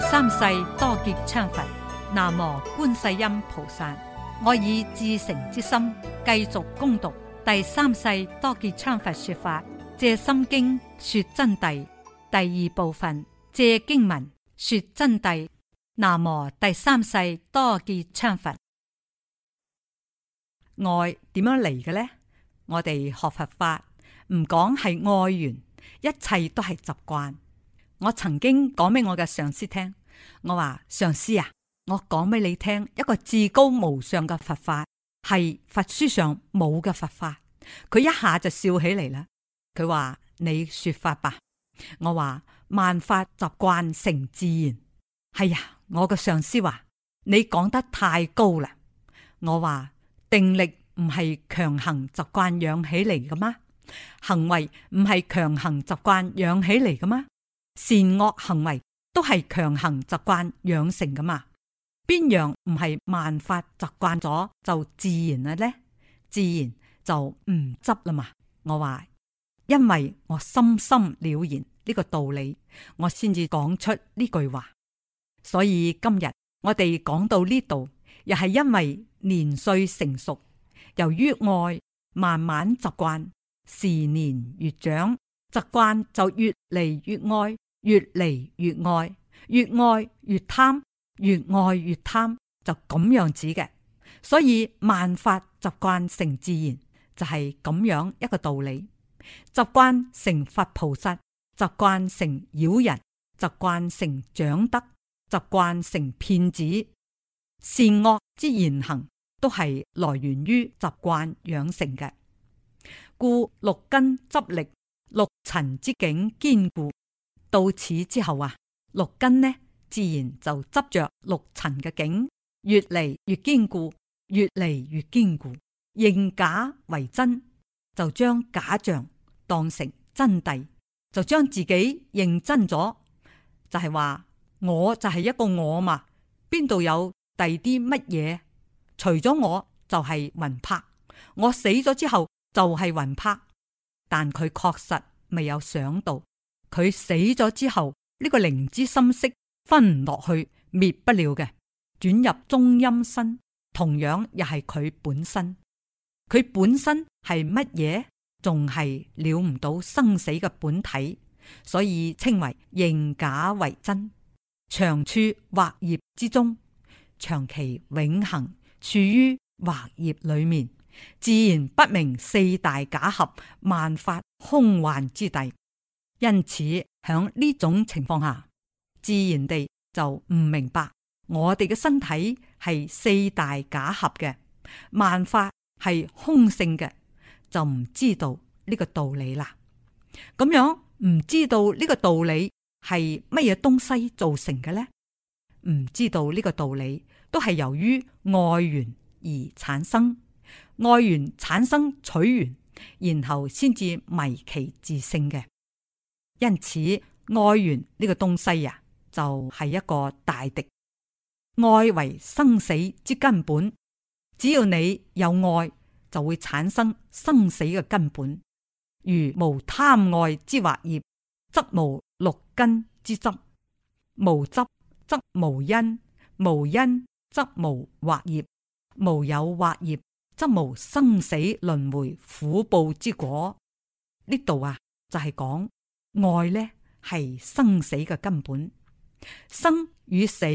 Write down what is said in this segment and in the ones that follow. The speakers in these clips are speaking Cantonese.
第三世多杰羌佛，南無觀世音菩薩。我以至誠之心繼續攻讀第三世多杰羌佛說法，借心經說真諦，第二部分借經文說真諦。南無第三世多杰羌佛。愛點樣嚟嘅呢？我哋學佛法唔講係愛緣，一切都係習慣。我曾經講俾我嘅上司聽，我話上司啊，我講俾你聽，一個至高無上嘅佛法，係佛書上冇嘅佛法。佢一下就笑起嚟啦。佢話你說法吧。我話萬法習慣成自然。係、哎、呀，我嘅上司話你講得太高啦。我話定力唔係強行習慣養起嚟嘅嗎？行為唔係強行習慣養起嚟嘅嗎？善惡行為都係強行習慣養成噶嘛？邊樣唔係萬法習慣咗就自然啦？呢自然就唔執啦嘛？我話因為我深深了然呢個道理，我先至講出呢句話。所以今日我哋講到呢度，又係因為年歲成熟，由於愛慢慢習慣，時年越長，習慣就越嚟越愛，越嚟越愛，越愛越貪，越愛越貪就咁樣子嘅，所以萬法習慣成自然就係、是、咁樣一個道理。習慣成佛菩薩，習慣成妖人，習慣成長德，習慣成騙子，善惡之言行都係來源於習慣養成嘅。故六根執力，六塵之境堅固。到此之後啊，六根呢自然就執着六塵嘅境，越嚟越堅固，越嚟越堅固，認假為真，就將假象當成真諦，就將自己認真咗，就係、是、話我就係一個我嘛，邊度有第啲乜嘢？除咗我就係魂魄，我死咗之後就係魂魄，但佢確實未有想到。佢死咗之後，呢、這個靈之心識分唔落去，滅不了嘅，轉入中陰身，同樣又係佢本身。佢本身係乜嘢？仲係了唔到生死嘅本體，所以稱為認假為真，長處畫業之中，長期永恆處於畫業裏面，自然不明四大假合萬法空幻之諦。因此，喺呢種情況下，自然地就唔明白我哋嘅身體係四大假合嘅，萬法係空性嘅，就唔知道呢個道理啦。咁樣唔知道呢個道理係乜嘢東西造成嘅呢？唔知道呢個道理都係由於外緣而產生，外緣產生取緣，然後先至迷其自性嘅。因此，愛緣呢個東西呀、啊，就係、是、一個大敵。愛為生死之根本，只要你有愛，就會產生生死嘅根本。如無貪愛之惑業，則無六根之執；無執，則無因；無因，則無惑業；無有惑業，則無生死輪迴苦報之果。呢度啊，就係講。愛呢係生死嘅根本，生與死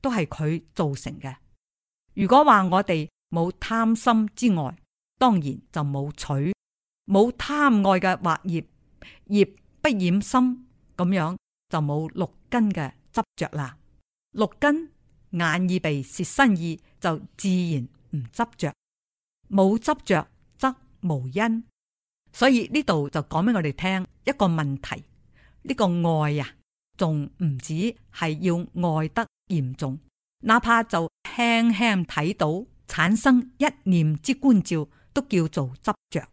都係佢造成嘅。如果話我哋冇貪心之外，當然就冇取；冇貪愛嘅惑業，業不染心，咁樣就冇六根嘅執着啦。六根眼耳鼻舌身意就自然唔執着，冇執着則無因。所以呢度就講俾我哋聽一個問題。呢個愛呀、啊，仲唔止係要愛得嚴重，哪怕就輕輕睇到產生一念之觀照，都叫做執着，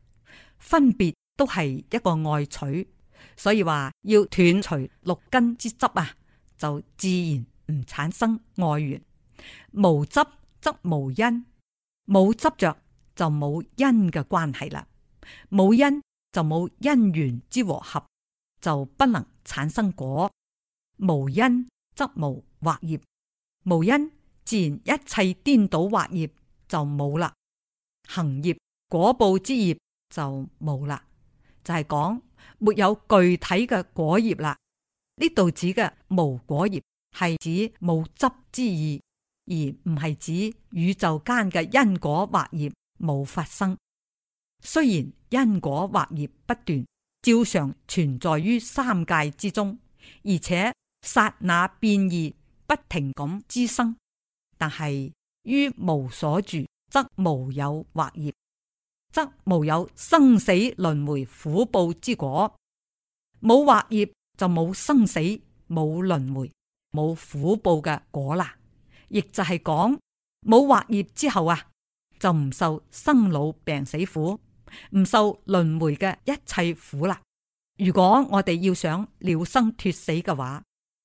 分別都係一個愛取，所以話要斷除六根之執啊，就自然唔產生愛緣，無執則無因，冇執着就冇因嘅關係啦，冇因就冇因緣之和合。就不能產生果，無因則無惑業，無因自然一切顛倒惑業就冇啦，行業果報之業就冇啦，就係講、就是、沒有具體嘅果業啦。呢度指嘅無果業係指無執之意，而唔係指宇宙間嘅因果惑業冇發生。雖然因果惑業不斷。照常存在於三界之中，而且剎那變異，不停咁滋生。但係於無所住，則無有惑業，則無有生死輪回苦報之果。冇惑業就冇生死，冇輪回，冇苦報嘅果啦。亦就係講冇惑業之後啊，就唔受生老病死苦。唔受輪迴嘅一切苦啦。如果我哋要想了生脫死嘅話，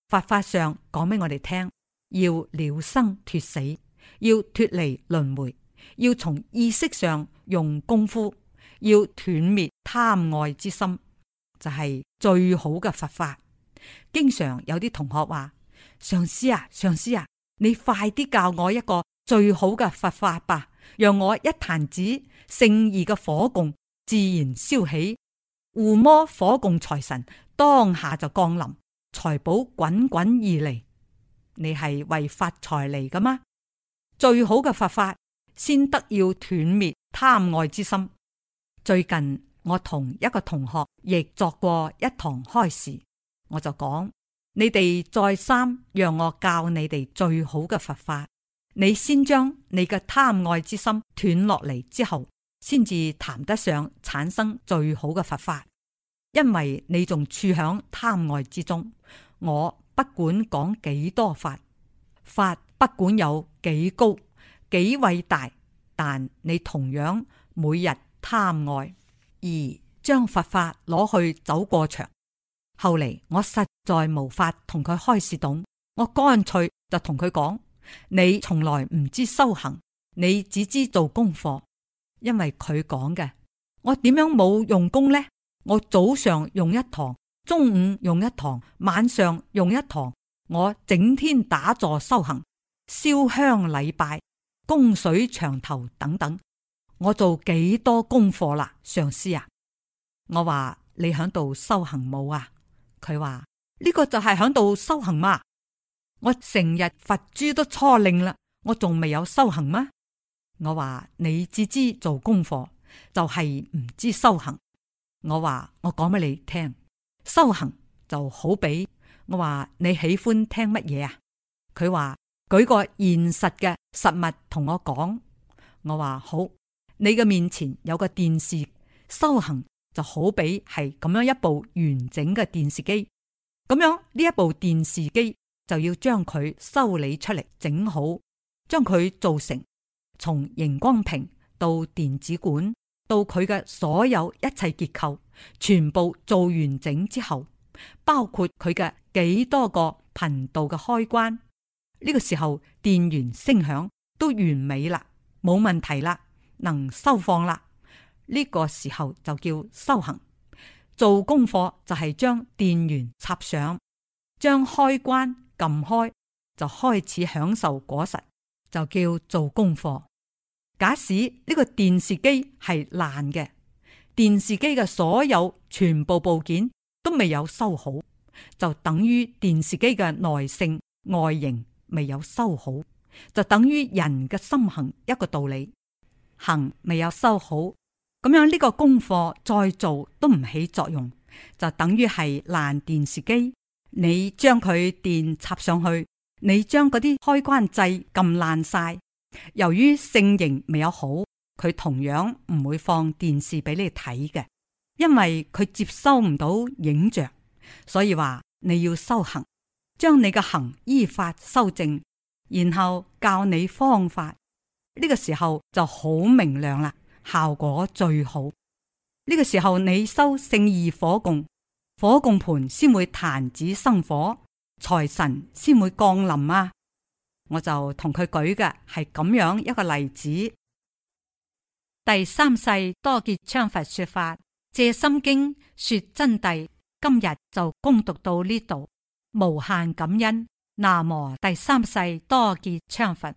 佛法上講俾我哋聽，要了生脫死，要脫離輪迴，要從意識上用功夫，要斷滅貪愛之心，就係最好嘅佛法。經常有啲同學話：上師啊，上師啊，你快啲教我一個最好嘅佛法吧。讓我一彈指勝義嘅火供自然燒起，護摩火供財神當下就降臨，財寶滾滾而嚟。你係為發財嚟噶嗎？最好嘅佛法先得要斷滅貪愛之心。最近我同一個同學亦作過一堂開示，我就講：你哋再三讓我教你哋最好嘅佛法。你先將你嘅貪愛之心斷落嚟，之後，先至談得上產生最好嘅佛法。因為你仲處響貪愛之中，我不管講幾多法，法不管有幾高幾偉大，但你同樣每日貪愛而將佛法攞去走過場。後嚟，我實在無法同佢開示懂，我乾脆就同佢講。你從來唔知修行，你只知做功課，因為佢講嘅。我點樣冇用功呢？我早上用一堂，中午用一堂，晚上用一堂，我整天打坐修行、燒香禮拜、供水長頭等等，我做幾多功課啦？上司啊，我話你喺度修行冇啊？佢話呢個就係喺度修行嘛。我成日佛珠都初令啦，我仲未有修行咩？我話你只知做功課，就係唔知修行。我話我講俾你聽，修行就好比，我話你喜歡聽乜嘢啊？佢話舉個現實嘅實物同我講。我話好，你嘅面前有個電視，修行就好比係咁樣一部完整嘅電視機。咁樣呢一部電視機。就要將佢修理出嚟，整好，將佢做成從熒光屏到電子管到佢嘅所有一切結構，全部做完整之後，包括佢嘅幾多個頻道嘅開關，呢個時候電源聲響都完美啦，冇問題啦，能收放啦，呢個時候就叫修行做功課，就係將電源插上，將開關。冧開就開始享受果實，就叫做功課。假使呢個電視機係爛嘅，電視機嘅所有全部部件都未有修好，就等於電視機嘅耐性外形未有修好，就等於人嘅心行一個道理，行未有修好，咁樣呢個功課再做都唔起作用，就等於係爛電視機。你將佢電插上去，你將嗰啲開關掣撳爛晒。由於性型未有好，佢同樣唔會放電視俾你睇嘅，因為佢接收唔到影像。所以話你要修行，將你嘅行依法修正，然後教你方法。呢個時候就好明亮啦，效果最好。呢個時候你修聖義火供。火供盤先會彈指生火，財神先會降臨啊！我就同佢舉嘅係咁樣一個例子。第三世多杰羌佛說法，借心經說真諦。今日就恭讀到呢度，無限感恩。南無第三世多杰羌佛。